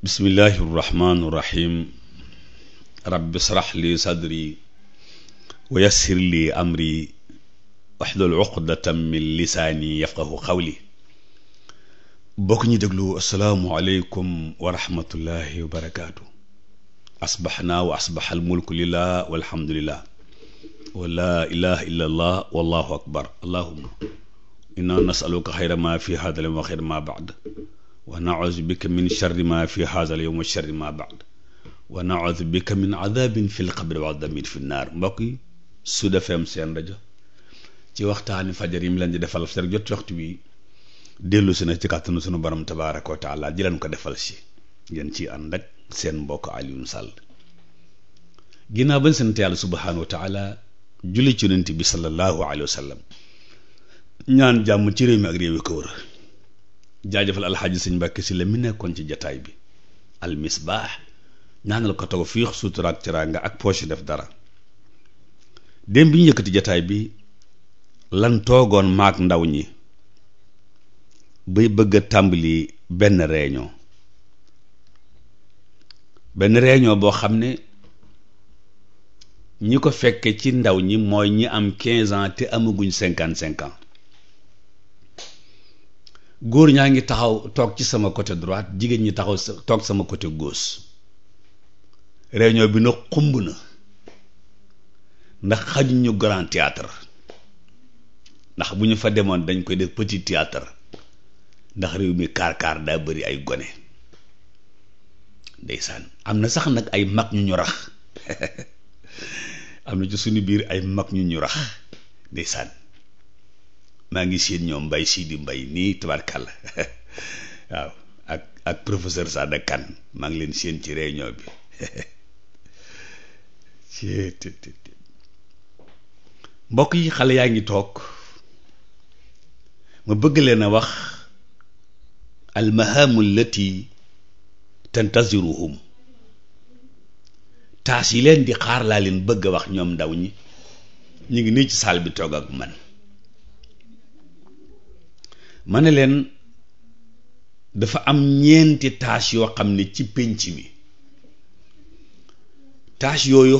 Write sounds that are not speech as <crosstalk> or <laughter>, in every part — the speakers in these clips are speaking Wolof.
bismillahi rrahmani rrahim rabbi srah li sadri wa yassir li amri waxlul uqdatan min lisaani yafqahu qawli bokk ñi déglu asalaamu aleykum wa rahmatullahi wa barakaatu asbaxnaa wa asbax almulku lillah walhamdulillah wa laa ilaha illa allah wallahu akbar allahuma inna nasaluka xayra ma fi hada lam wa xayra ma baad wa naodu bika min charri ma fi haazal yow ma charri ma baad wa naodu bika min adabin fi lqabri wa adabin fi naar mbokk yi Sud FM seen rajo ci waxtaani fajar yi mu leen di defal fajar jot waxtu bi dellu si na ci kàttanu sunu borom tabaaraka wa taala leen ko defal si ngeen ci ànd ak seen mbokk Alioune Sall ginnaaw bañ sant yàlla subhaanahu wa taala ci yonent bi sallallahu alayhi wa ñaan jàmm ci réew mi ak yi ko wër jaajëfal alxaaji sëñ Mbàkke si la mu nekkoon ci jataay bi al misbaax ñaanal ko tawfiix sutura ak teraanga ak poche def dara démb bi ñu yëkkati jataay bi lan toogoon maak ndaw ñi bay bëgg a tàmbali benn réunion benn réunion boo xam ne ñi ko fekke ci ndaw ñi mooy ñi am quinze ans te amaguñ cinquante cinq góor ñaa ngi taxaw toog ci sama côté droite jigéen ñi taxaw toog sama côté gauche réunion bi nag xumb na ndax xajuñ ñu grand théâtre ndax bu ñu fa demoon dañ koy def petit théâtre ndax réew mi kaar kaar daa bëri ay gone ndeysaan am na sax nag ay mag ñu ñu rax <laughs> am na ci suñu biir ay mag ñu ñu rax ndeysaan maa ngi seen ñoom mbay sii di mbay nii tabarkalla <laughs> waaw ak ak professeur Sada maa ngi leen seen ci réunion bi <laughs> mbokk yi xale yaa ngi toog ma bëgg leen a wax almahamu allati tantaziruhum taas yi leen di xaar laa leen bëgg a wax ñoom ndaw ñi ñu ngi nii ci saal bi toog ak man ma ne leen dafa am ñeenti tâche yoo xam ne ci pénc mi tâche yooyu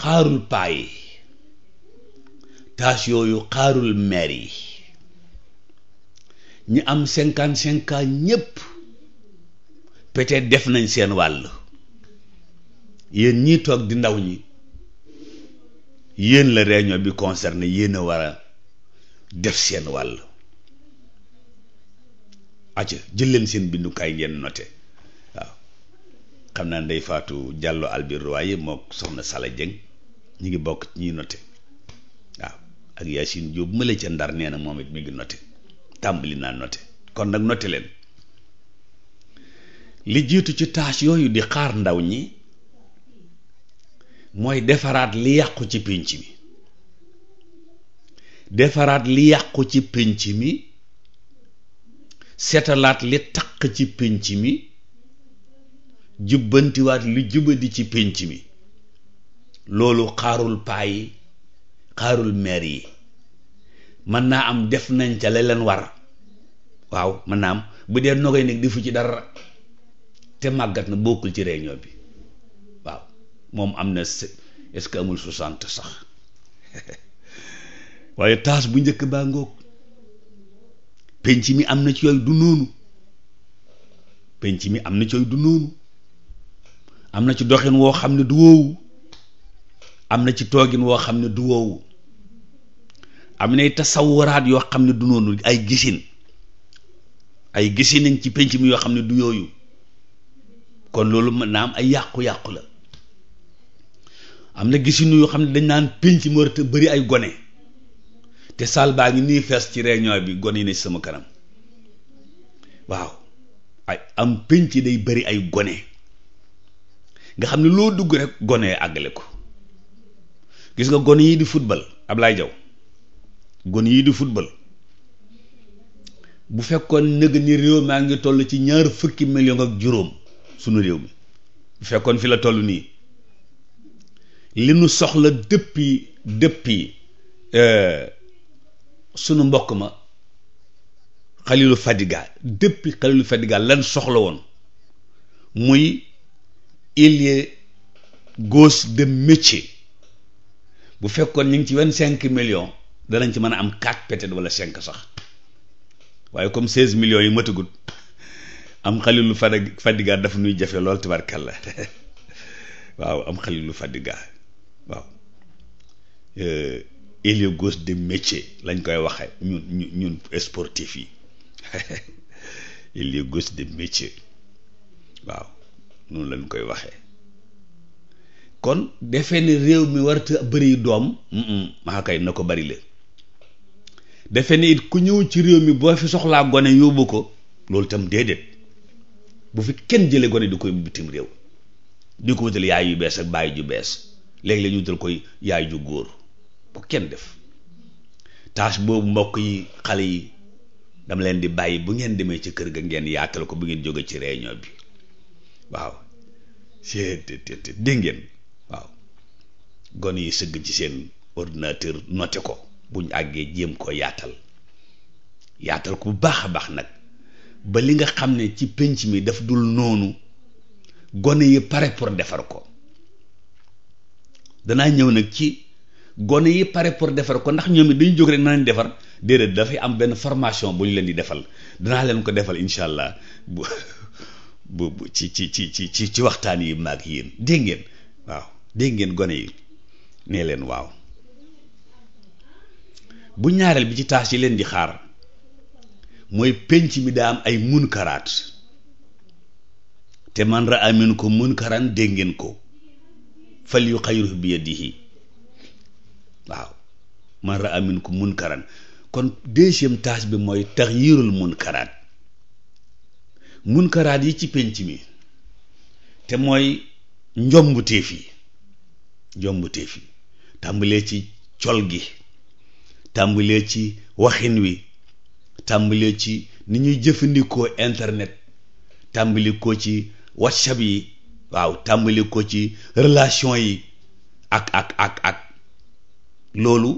xaarul paa yi yooyu xaarul meer yi ñi am cinquante cinq ans ñépp peut-être def nañ seen wàll yéen ñi toog di ndaw ñi yéen la réunion bi conserne yéen a war a def seen wàll acca jël leen seen bindukaay ngeen note waaw xam naa ndey faatu jàllo albir waaye moo soxna sala jëng ñi ngi bokk ñi note waaw ak Yacine Diop mële ca ndar nee na moom it mi ngi note tàmbali naa note kon nag note leen li jiitu ci taas yooyu di xaar ndaw ñi mooy defaraat li yàqu ci pénc mi defaraat li yàqu ci pénc mi seetalaat li taq ci pénc mi jubbantiwaat lu jubadi ci pénc mi loolu xaarul paa yi xaarul meer yi mën naa am def nañ ca la leen war waaw mën naa am bu dee nogay nag defu ci dara te màggat na bokkul ci réunion bi waaw moom am na est-ce que amul soixante sax <laughs> waaye taas bu njëkk baa ngoog penc mi am na ci yooyu du noonu penc mi am na ci yooyu du noonu am na ci doxin woo xam ne du woowu am na ci toogin woo xam ne du woowu am nay tasawuraat yoo xam ne du noonu ay gisin ay gisin nañ ci penc mi yoo xam ne du yooyu kon loolu mën naa am ay yàqu-yàqu la am na gisinu yoo xam ne dañ naan penc mi war a bëri ay gone te saal baa ngi nii fees ci réunion bi gone yi ne sama kanam waaw ay am pénc day bari ay gone nga xam ne loo dugg rek gone àggale ko gis nga gone yi di football Ablaye Jaw gone yi di football bu fekkoon nëg ni réew maa ngi toll ci ñaar fukki million ak juróom sunu réew mi bu fekkoon fi la toll nii li nu soxla dëppi dëppi sunu mbokk ma Khalilou Fadiga dëpp xalilu Fadiga lan soxla woon muy ailier gauche de métier bu fekkoon ñu ngi ci vingt-cinq millions danañ ci mën a am quatre peut-être wala cinq sax waaye comme seize millions yi matagut am Khalilou Fadiga dafa nuy jafe lool tabarkalla <laughs> waaw am Khalilou Fadiga waaw. Euh, héliogauche de métier lañ koy waxe ñun ñun sportif yi héliogauche de métier waaw noonu lañ koy waxee kon defe ne réew mi warta bëri doom maa kay na ko bari la defe ne it ku ñëw ci réew mi boo fi soxlaa gone yóbbu ko loolu tam déedéet bu fi kenn jële gone di koy bitim réew di ko wutal yaay yu bees ak baay ju bees léeg lañu ñu wutal koy yaay ju góor bu kenn def tâche boobu mbokk yi xale yi dama leen di bàyyi bu ngeen demee ci kër ga ngeen yaatal ko bu ngeen jóge ci réunion bi waaw seet dégg ngeen waaw gone yi sëgg ci seen ordinateur noté ko buñ àggee jéem ko yaatal yaatal ko bu baax a baax nag ba li nga xam ne ci pénc mi daf dul noonu gone yi pare pour defar ko danaa ñëw nag ci gone yi pare pour defar ko ndax ñoom it dañu jóg rek nañ defar déedéet dafay am benn formation bu ñu leen di defal danaa leen ko defal incha allah bu bu ci ci ci ci ci waxtaan yi maag yéen dégg ngeen waaw dégg ngeen gone yi nee leen waaw bu ñaareel bi ci taas yi leen di xaar mooy penc mi daa am ay munkaraat te man raa minkum munkaran dégg ngeen ko fal yu xayruhu bi yadihi waaw man raa minkum munkaran kon deuxième tâche bi mooy taxyirul munkaraat munkaraat yi ci pénc mi te mooy njomb téef yi njomb téef yi tàmbalee ci col gi tàmbalee ci waxin wi tàmbalee ci ni ñuy jëfandikoo internet tàmbali ko ci whatsapp yi waaw tàmbali ko ci relation yi ak ak ak ak loolu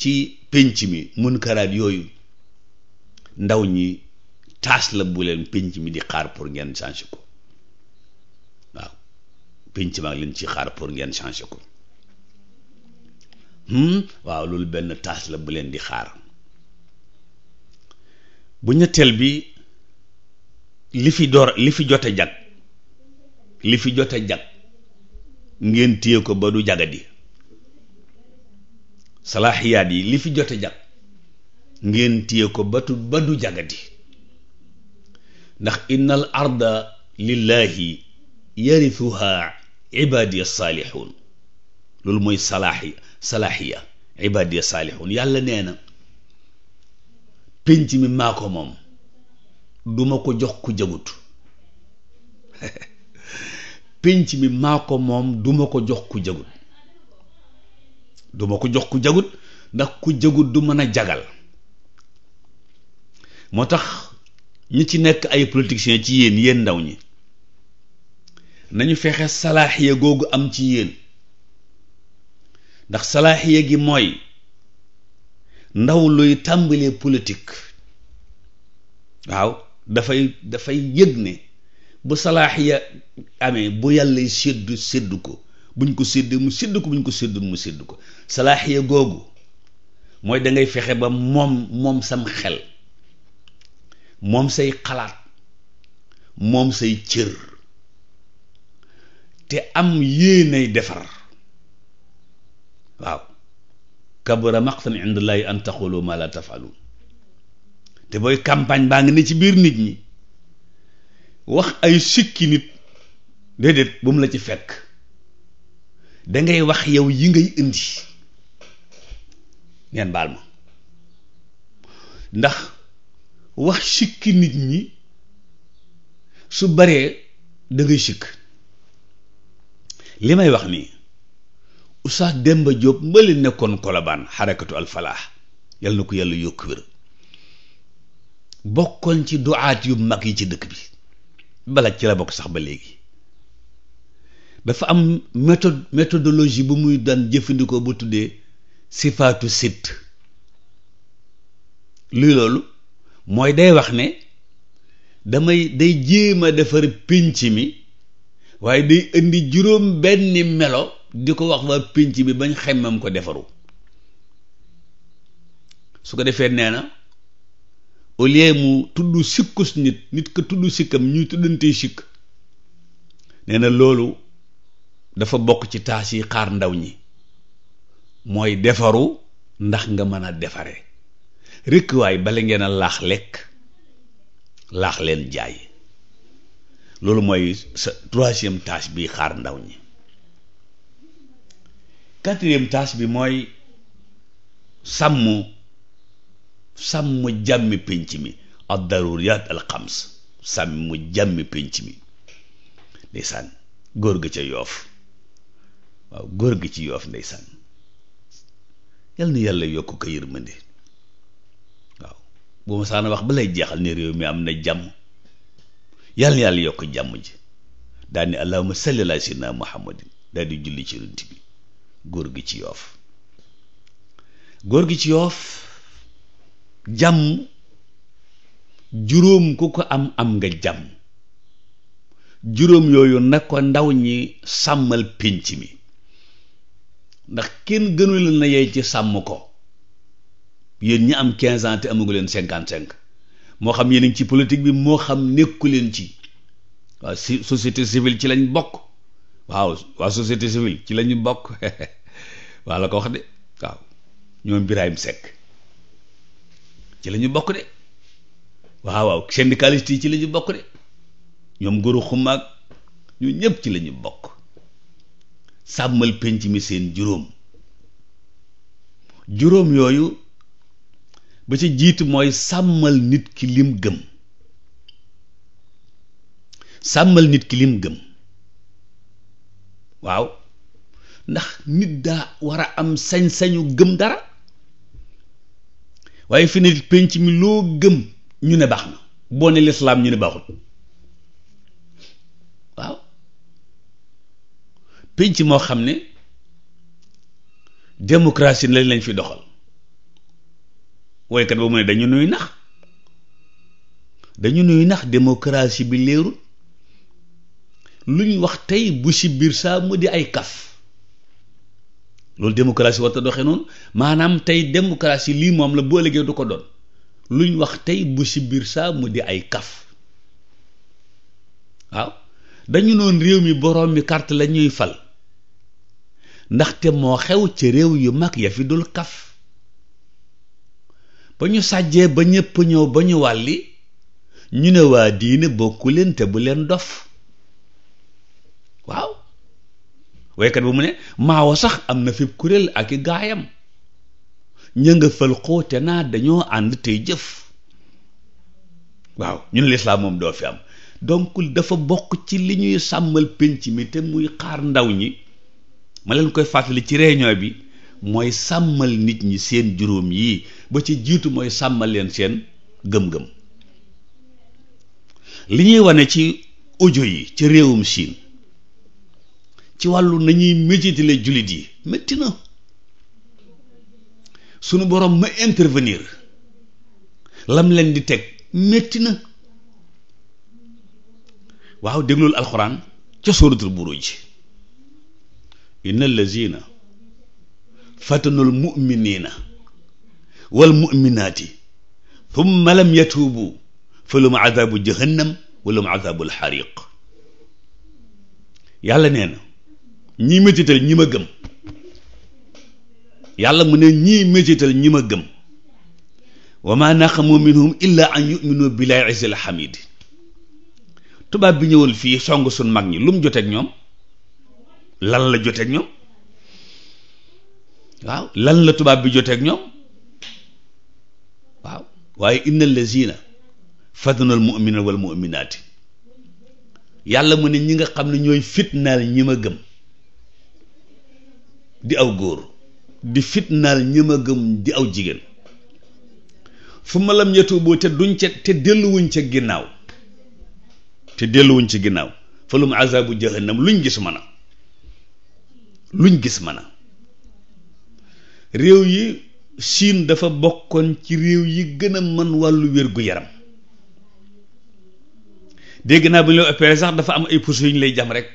ci pénc mi munkaraat yooyu ndaw ñi taas la bu leen pénc mi di xaar pour ngeen changé ko waaw pénc maa ngi leen ci xaar pour ngeen changé ko hmm? waaw loolu benn taas la bu leen di xaar bu ñetteel bi li fi door li fi jote jag li fi jote jag ngeen téye ko ba du jagadi salaaxiyaat yi li fi jote jag ngeen téye ko batu ba du jagati ndax inna al lillaahi yarithuha ibaadiya saalixuun loolu mooy salaaxi salaaxiya ibaadiya saalixuun yàlla nee na pénc mi maa ko moom duma ko jox ku jagut <laughs> pénc mi maa ko moom duma ko jox ku jagut du ma ko jox ku jagut ndax ku jagut du mën a jagal moo tax ñi ci nekk ay politiciens ci yéen yéen ndaw ñi nañu fexe salaaxiya googu am ci yéen ndax salaaxiya gi mooy ndaw luy tàmbalee politik waaw dafay dafay yëg ne bu salaax ya amee bu yàlla séddu séddu ko buñ ko séddee mu sédd ko buñ ko séddul mu sédd ko salaaxiya googu mooy dangay fexe ba moom moom sam xel moom say xalaat moom say cër te am yéenay defar waaw kabura maqtan indallaahi an taqulu ma la tafalun te booy campagne baa ngi ne ci biir nit ñi wax ay sikki nit déedéet bu mu la ci fekk dangay wax yow yi ngay indi ngeen baal ma ndax wax sikki nit ñi su baree da sikk li may wax nii Oustaz Demba Diop mbali nekkoon kolobaan xarakatu alfalaax yàlla na ko yàlla yokk wér bokkoon ci duaat yu mag yi ci dëkk bi bala ci la bokk sax ba léegi dafa am méthode méthodologie bu muy daan jëfandikoo bu tuddee sifaatu sit luy loolu mooy day wax ne damay day jéem a defar pinc mi waaye day indi juróom benni melo di ko wax waa pénc bi bañ xemmam ko defaru su ko defee nee na au lieu mu tudd sikkus nit nit ko tudd sikkam ñuy tuddantee sikk nee na loolu dafa bokk ci taas yi xaar ndaw ñi mooy defaru ndax nga mën a defare rekk waay bala ngeen a laax lekk laax leen jaay loolu mooy sa troisième bi xaar ndaw ñi quatrième tâche bi mooy sàmm sàmm jàmmi pinc mi ad daruriyat al xams sàmm jàmmi pénc mi ndeysaan góor gi ca yoof waaw góor gi ci yoof ndeysaan yal na yàlla yokk ko yërmande waaw bu ma saana wax ba lay jeexal ne réew mi am na jàmm yal yàlla yokk jàmm ji daal ni allahumma salli ala muhammadin daal di julli ci runt bi góor gi ci yoof góor gi ci yoof jàmm juróom ku ko am am nga jàmm juróom yooyu nag ko ndaw ñi sàmmal pinc mi ndax kenn gënu leen na yey ci sàmm ko yéen ñi am 15 ans te amagu leen 55 moo xam yéen ci politique bi moo xam nekku leen ci waa si société civile ci lañ bokk waaw waa société civile ci lañu bokk <laughs> waa la ko de waaw ci la ñu bokk de waaw waaw yi ci lañu ñu bokk de ñoom góoru xumaag ñu ñëpp ci la bokk sàmmal pénc mi seen juróom juróom yooyu ba ci jiitu mooy sàmmal nit ki lim gëm sàmmal nit ki lim gëm waaw ndax nit daa war a am sañ-sañu gëm dara waaye fi ne pénc mi loo gëm ñu ne baax na boo ne lislaam ñu ne baaxul pénc moo xam ne démocratie lañ lañ fi doxal woykat ba mu ne dañu nuy nax dañu nuy nax démocratie bi léerul lu ñu wax tey bu si biir saa mu di ay kaf loolu démocratie war ta doxee noonu maanaam tey démocratie lii moom la bu ëllëgee du ko doon lu ñu wax tey bu si biir saa mu di ay kaf waaw dañu noon réew mi boroom mi carte la ñuy fal ndaxte moo xew ci réew yu mag ya fi dul kaf ba ñu sàjjee ba ñépp ñëw ba ñu wàlli ñu ne waa diine bokku leen bu leen dof waaw waykat bu mu ne maawo sax am na fi kuréel ak i gaayam ña fël xoote naa dañoo ànd tey jëf waaw ñu ne lislaam moom doo fi am donk dafa bokk ci li ñuy sàmmal penc mi te muy xaar ndaw ñi ma leen koy fàttali ci réunion bi mooy sàmmal nit ñi seen juróom yii ba ci jiitu mooy sàmmal leen seen gëm-gëm li ñuy wane ci audio yi ci réewum Chine ci wàllu nañuy méjitile jullit yi métti na sunu borom ma intervenir lam leen di teg metti na waaw déglul alxuraan ca sóoratul buruj inna allazina fatanul muminina wal muminaati thumma lam yatuubu fa lahum adabu jahannam wa lahum adabul xariq yàlla nee na ñii métital ñi ma gëm yàlla mu ne ñii métital ñi ma gëm wa ma naqamu minhum illa an yuminu billahi azizil hamid tubaab bi ñëwal fii song suñ mag ñi lu mu joteeg ñoom lan la joteeg ñoom waaw lan la tubaab bi joteeg ñoom waaw waaye inna lazina fatanal mu'minina wal mu'minaati yàlla mu ne ñi nga xam ne ñooy fitnaal ñi ma gëm di aw góor di fitnaal ñi ma gëm di aw jigéen fu ma lam yatuuboo te duñ ca te delluwuñ ca ginnaaw te delluwuñ ci ginnaaw fa lum azaabu jahannam luñ gis mën luñ gis mën a réew yi siin dafa bokkoon ci réew yi gën a mën wàllu wér-gu-yaram dégg naa bu ñu la opéré sax dafa am ay puso yu ñu lay jam rek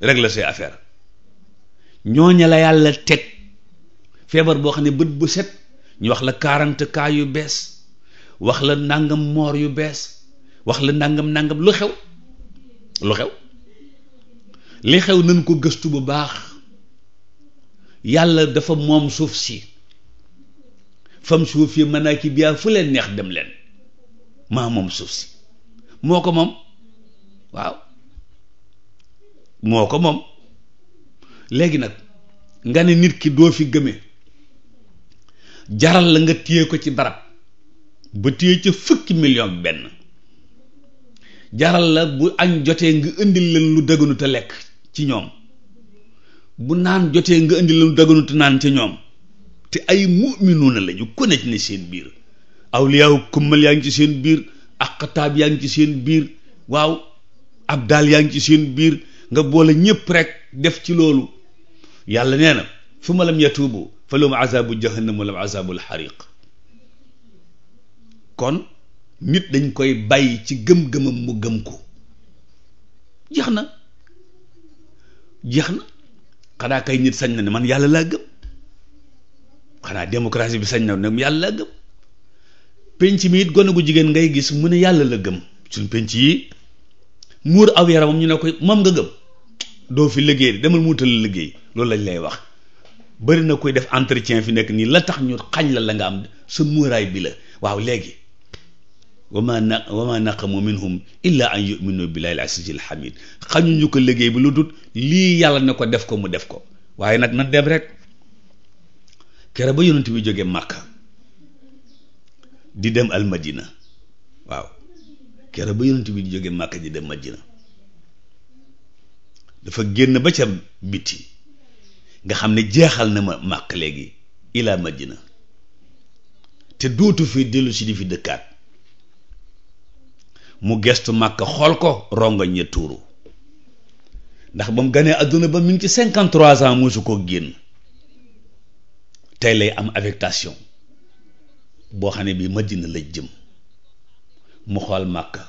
rek la say affaire ñooña la yàlla teg feebar boo xam ne bët bu set ñu wax la quarante cas yu bees wax la nangam moor yu bees wax la nangam nangam lu xew lu xew li xew nañ ko gëstu bu baax yàlla dafa moom suuf si fam suuf yi mën naa ki biyaa fu leen neex dem leen maa moom suuf si moo ko moom waaw moo ko moom léegi nag nga ne nit ki doo fi gëme jaral la nga téye ko ci barab ba téye ca fukki million benn jaral la bu añ jotee nga indi leen lu dëgganu lekk ci ñoom bu naan jotee nga indi lu daganut naan ci ñoom te ay mu'minuuna lañu ku ne seen biir awliyaaw kummal yaa ngi ci seen biir aqtaab yaa ngi ci seen biir waaw ab abdaal yaa ngi ci seen biir nga boole ñëpp rek def ci loolu yàlla nee na fu ma lam yatuubu fa lahum azaabu jahannam wa lahum azaabul kon nit dañ koy bàyyi ci gëm-gëmam mu gëm ko jeex na jeex na xanaa kay nit sañ na ne man yàlla laa gëm xanaa démocratie bi sañ na ne yàlla laa gëm penc mi it gone gu jigéen ngay gis mu ne yàlla la gëm suñ penc yi muur aw yaramam ñu ne ko moom nga gëm doo fi liggéey demal muutal liggéey loolu lañ lay wax bëri na koy def entretien fi nekk nii la tax ñu xañ la la nga am sa muuraay bi la waaw léegi wama na wama naqamu minhum illa an yuminu billahi al-azizil hamid xañuñu ko liggéey bi lu dut lii yàlla na ko def ko mu def ko waaye nag na dem rek kere ba yonent bi jógee màkka di dem al madina waaw kere ba yonent bi di jógee màkka di dem dafa génn ba ca biti nga xam ne jeexal na ma màkk léegi ila madina te dootu fi dellu si di fi dëkkaat mu gestu màkka xool ko rongoñ ya tuuru ndax ba mu ganee àdduna ba mi ngi ci cinquante trois ans mosu koo génn tey lay am affectation boo xam ne bii Madina la jëm mu xool màkka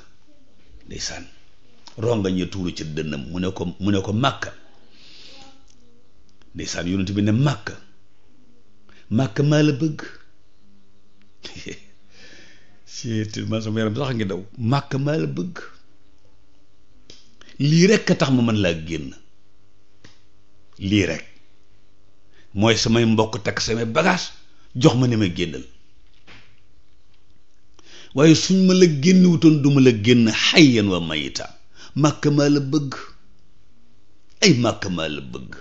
ndeysaan rongoñ ya tuuru ci dënnam mu ne ko mu ne ko màkka ndeysaan yonent bi ne màkka màkka maa la bëgg <laughs> seet man sama yaram sax ngi daw màkk maa la bëgg lii rek a tax ma man laa génn lii rekk mooy samay mbokk takk samay bagage jox ma ne ma génnal waaye suñ ma la génn wutoon du ma la génn xayyan wa mayita màkk maa la bëgg ay màkk maa la bëgg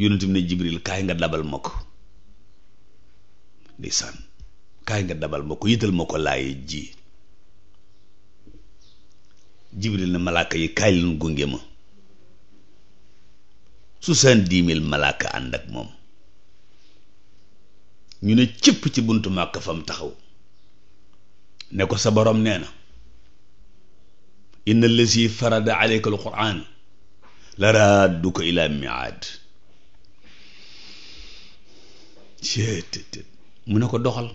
yonent bi ne Jibril kaay nga dabal ma ko ndeysaan kaay nga dabal ma ko yëtal ma ko laaye ji jibril na malaaka yi kaay leen gunge ma su seen mille malaaka ànd ak moom ñu ne cëpp ci buntu màkk fam taxaw ne ko sa boroom nee na inna allazi farada aleyka alquran la raadduka ila miaad mu ne ko doxal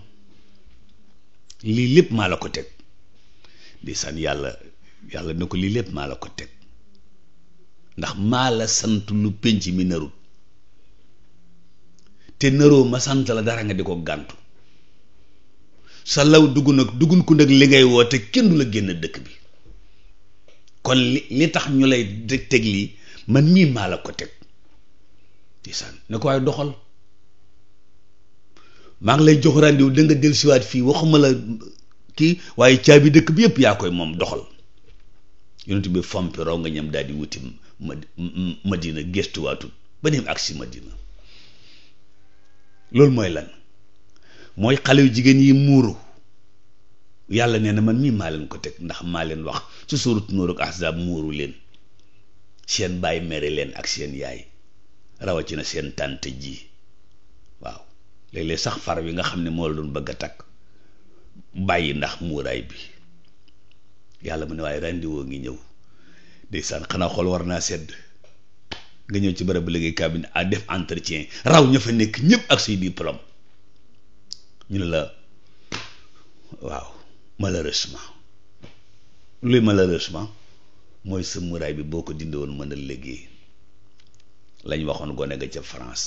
lii lépp maa la ko teg di san yàlla yàlla na ko lii lépp maa la ko teg ndax maa la sant lu pénc mi narut te naroo ma sant la dara nga di ko gàntu sa law dugg nag duggun ku nag li ngay woote kenn du la génn dëkk bi kon li li tax ñu lay teg lii man mii maa la ko teg di san ko waaye doxal maa ngi lay jox rendez-vous da nga dellusiwaat fii waxuma la kii waaye caabi dëkk bi yëpp yaa koy moom doxal yonent bi fompi raw nga ñam daal di wuti ma madina gestuwaatul ba dem agsi madina loolu mooy lan mooy xale jigéen yi muuru yàlla nee na man mii maa leen ko teg ndax maa leen wax su suuratu Nuur ak Ahzaab muuru leen seen baay mere leen ak seen yaay rawatina seen tànt ji waaw léeg sax far bi nga xam ne moo la doon bëgg a takk bàyyi ndax muuraay bi yàlla mu ne waaye rendiwoo ngi ñëw ndeysaan xanaa xool war naa sedd nga ñëw ci bërëb liggéeykaay bi a def entretien raw ña fa nekk ñëpp ak suy diplôme ñu ne la waaw malheureusement luy malheureusement mooy sa muuraay bi boo ko dindi woon mën a liggéey lañ waxoon gone ga ca France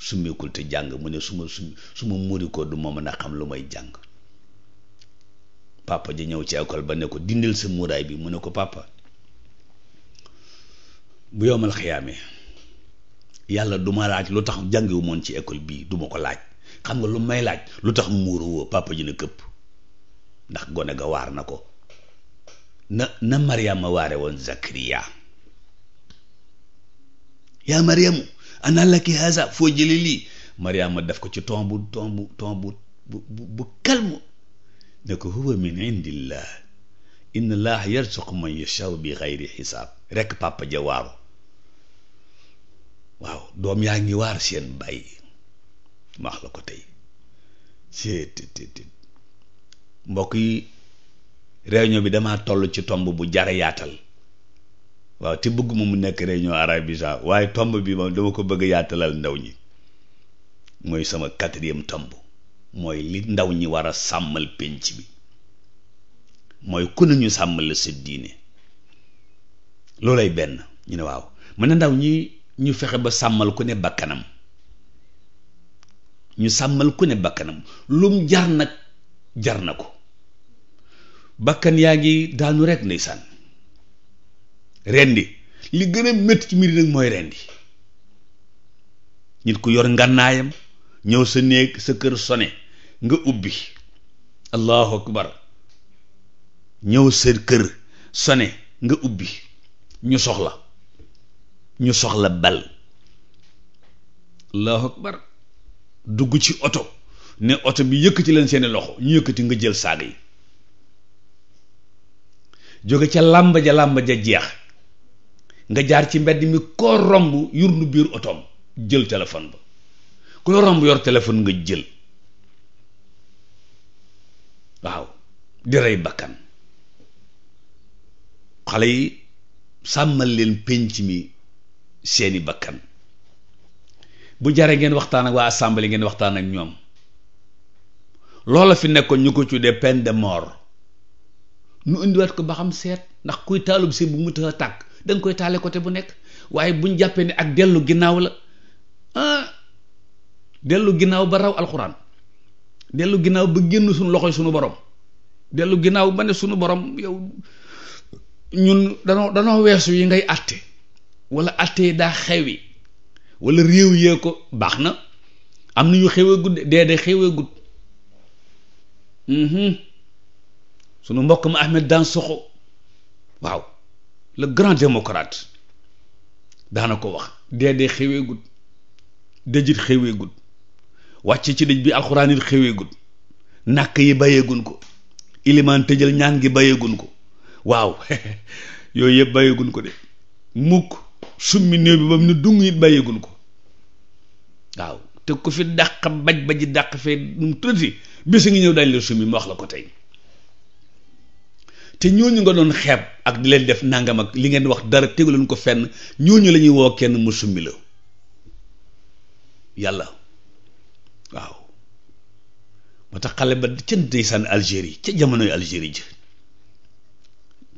summikul te jàng mu ne suma suma su su ko du ma mën a xam lu may jàng papa ja ñëw ci ecole ba ne ko dindil sa muuraay bi mu ne ko papa bu yomal xiyaamee yàlla du ma laaj lu tax jàngiwu moon ci école bii duma ko laaj xam nga lu may laaj lu tax muuru woo papa ji ne këpp ndax gone ga waar na ko na na Mariama waare woon Zakariya yaa Mariamu ana laki haza foo jële lii mariama def ko ci ton bu ton bu ton kalmu ne ko huwa min indillah inna allah yarzuqu man yashaw bi xayri xisaab rekk papa ja waaru waaw doom yaa ngi waar seen bàyyi wax la ko tey seettt mbokk yi réunion bi damaa tollu ci tomb bu jara yaatal waaw te bëgguma mu nekk réunion arabisa waaye tomb bi moom dama ko bëgg yaatalal ndaw ñi mooy sama quatrième tomb mooy li ndaw ñi war a sàmmal pénc bi mooy ku ñu sàmmal la sa diine loolay benn ñu ne waaw mën na ndaw ñi ñu fexe ba sàmmal ku ne bakkanam ñu sàmmal ku ne bakkanam lum jar nag jar na ko bakkan yaa ngi daanu rek ndeysaan rendi li gën a métti ci mbir nag mooy rendi nit ku yor ngànnaayam ñëw sa néeg sa kër sone nga ubbi allahu akbar ñëw kër sone nga ubbi ñu soxla ñu soxla bal allahu akbar dugg ci oto ne oto bi yëkkati leen seeni loxo ñu yëkkati nga jël saag yi jóge ca làmb ja làmb jeex nga jaar ci mbedd mi koo romb yur nu biir otoom jël téléphone ba ku la romb yor téléphone nga jël waaw di rey bakkan xale yi sàmmal leen pénc mi seeni bakkan bu jaree ngeen waxtaan ak waa assemblée ngeen waxtaan ak ñoom loola fi nekkoon ñu ko tuddee peine de mort nu indiwaat ko ba xam seet ndax kuy taalub si bu mu tax tàkk da koy taale côté bu nekk waaye buñ jàppee ne ak dellu ginnaaw la ah, dellu ginnaaw ba raw alxuraan dellu ginnaaw ba génn suñu loxoy suñu borom dellu ginnaaw ba ne suñu borom yow ñun danoo danoo weesu yi ngay àtte walla àtte daa xewi wala réew yee ko baax na am na yu xewee gudd dee de xewee gudd mhm. sunu mbokk ma Ahmed Dansokho waaw le grand démocrate daana ko wax dee dee xewee gut dëjit xewee gut wàcc ci dëj bi alxuraan it xewee gut nàkk yi bàyyeegun ko ilimaan tëjal ñaan gi bàyyeegun ko waaw <laughs> yooyu yëpp bàyyeegun ko de mukk summi néew bi ba mu ne dung it bàyyeegun ko waaw te ku fi dàq baj baji dàq fee nu mu tuddati bés a ngi ñëw dañ la summi ma wax la ko tey te ñooñu nga doon xeeb ak di leen def nangam ak li ngeen wax dara tegu leen ko fenn ñooñu la ñuy woo kenn mu summi la yàlla waaw moo tax xale ba ca ndeysaan Algérie ca jamonoy Algérie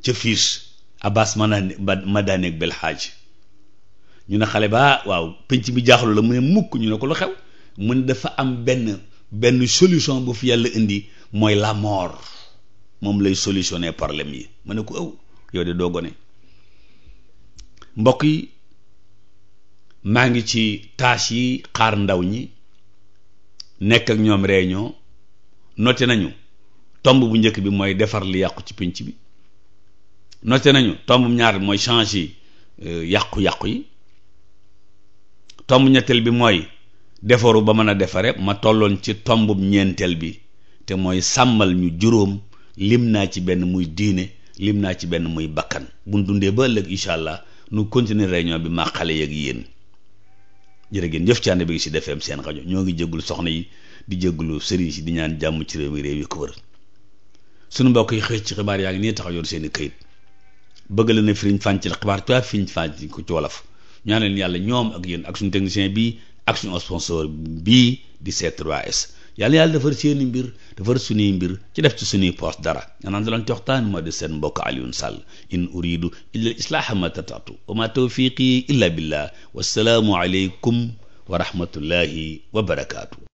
ca fiis Abbas Madane Madane ak ñu ne xale ba waaw penc bi jaaxlu la mu ne mukk ñu ne ko lu xew mu ne dafa am benn benn solution bu fi yàlla indi mooy la mort moom lay solutionner problème yi ma ne ko aw oh, yow de doo gone mbokk yi maa ngi ci tâche yi xaar ndaw ñi nekk ak ñoom réunion noté nañu tomb bu njëkk bi mooy defar li yàqu ci pinc bi noté nañu tomb ñaar bi mooy changer euh, yàqu-yàqu yi tomb ñetteel bi mooy defaru ba mën a defare ma tolloon ci tomb ñeenteel bi te mooy sàmmal ñu juróom lim naa ci benn muy diine lim naa ci benn muy bakkan bu nu dundee ba ëllëg incha allah nu continuer réunion bi maa xale yeeg yéen jërë ngeen jëf ci ànd bi ngi ci defeem seen rajo ñoo ngi jéggul soxna yi di jéggulu sëriñ yi di ñaan jàmm ci réew mi réew yi ko wër suñu mbokk yi xëy ci xibaar yaa ngi nii tax yor seen i këyit bëgg la ne firiñ fàncil xibaar tuwaa firiñ fàncil ko ci wolof ñaan leen yàlla ñoom ak yéen ak suñu technicien bii ak suñu sponsor bii di C3S yàlla yàlla defar seeni mbir defar suñuy mbir ci def ci suñuy poos dara ñanaan daloon ci waxtaan ma di seen mbokk Alioune Sall in uridu illa al islaaha ma tatatu wa ma tawfiqi illa billah wassalaamu aleykum wa rahmatullahi wa barakaatu